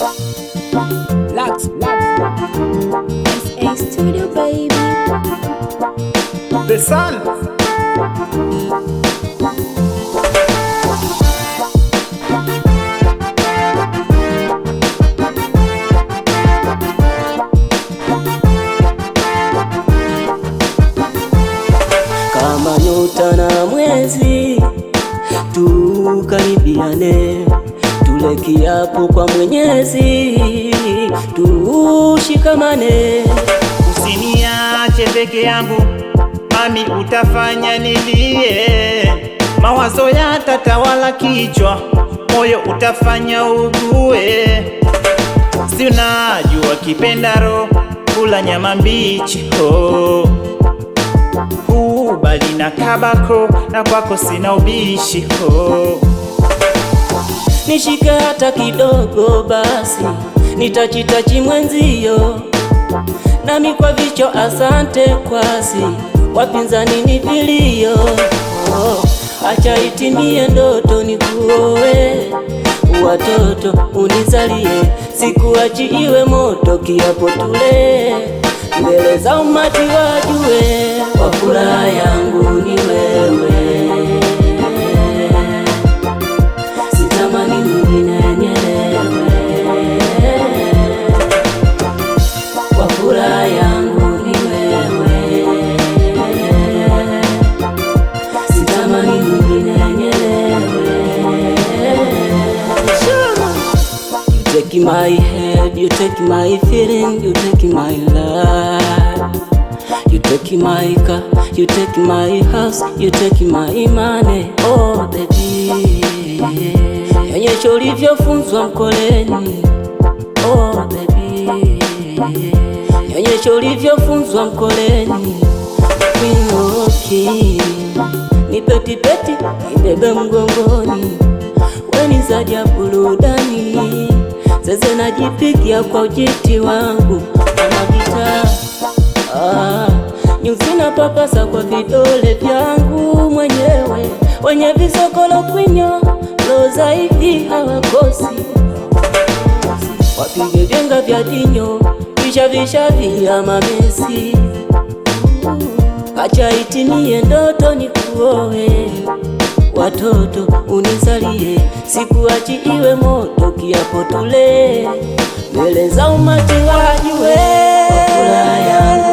Locks, locks. It's A studio, baby. The sun. Kama nyota na mwezi tukaribiane tule kiapo kwa Mwenyezi, tushikamane. Usiniache peke yangu, mami utafanya nilie, mawazo yatatawala kichwa, moyo utafanya ugue, si unajua kipendaro kula nyama mbichi ho kubali na kabako na kwako sina ubishi ho nishike hata kidogo, basi nitachitachi mwenzio nami kwa vicho. Asante kwasi wapinzani ni vilio, acha itimie ndoto nikuoe watoto unizalie, sikuachi iwe moto, kiapo tule mbele za umati wajue. take my head, you take my feeling, you take my life. You take my car, you take my house, you take my money. Oh baby, onyesha ulivyofunzwa mkoleni. Oh baby, onyesha ulivyofunzwa mkoleni. Kwinoki ni peti peti, nibebe mgongoni, weni zadia burudani zeze najipigia kwa ujiti wangu kama gitaa ah, nyuzi papasa kwa vidole vyangu mwenyewe. Wenye visokolo kwinyo lozaidi hawakosi, wapige vyenga vya dinyo vishavisha vya mamesi, acha itimie ndoto ni kuowe watoto unizalie, sikuachi iwe moto, kiapo tule mbele za umati wajue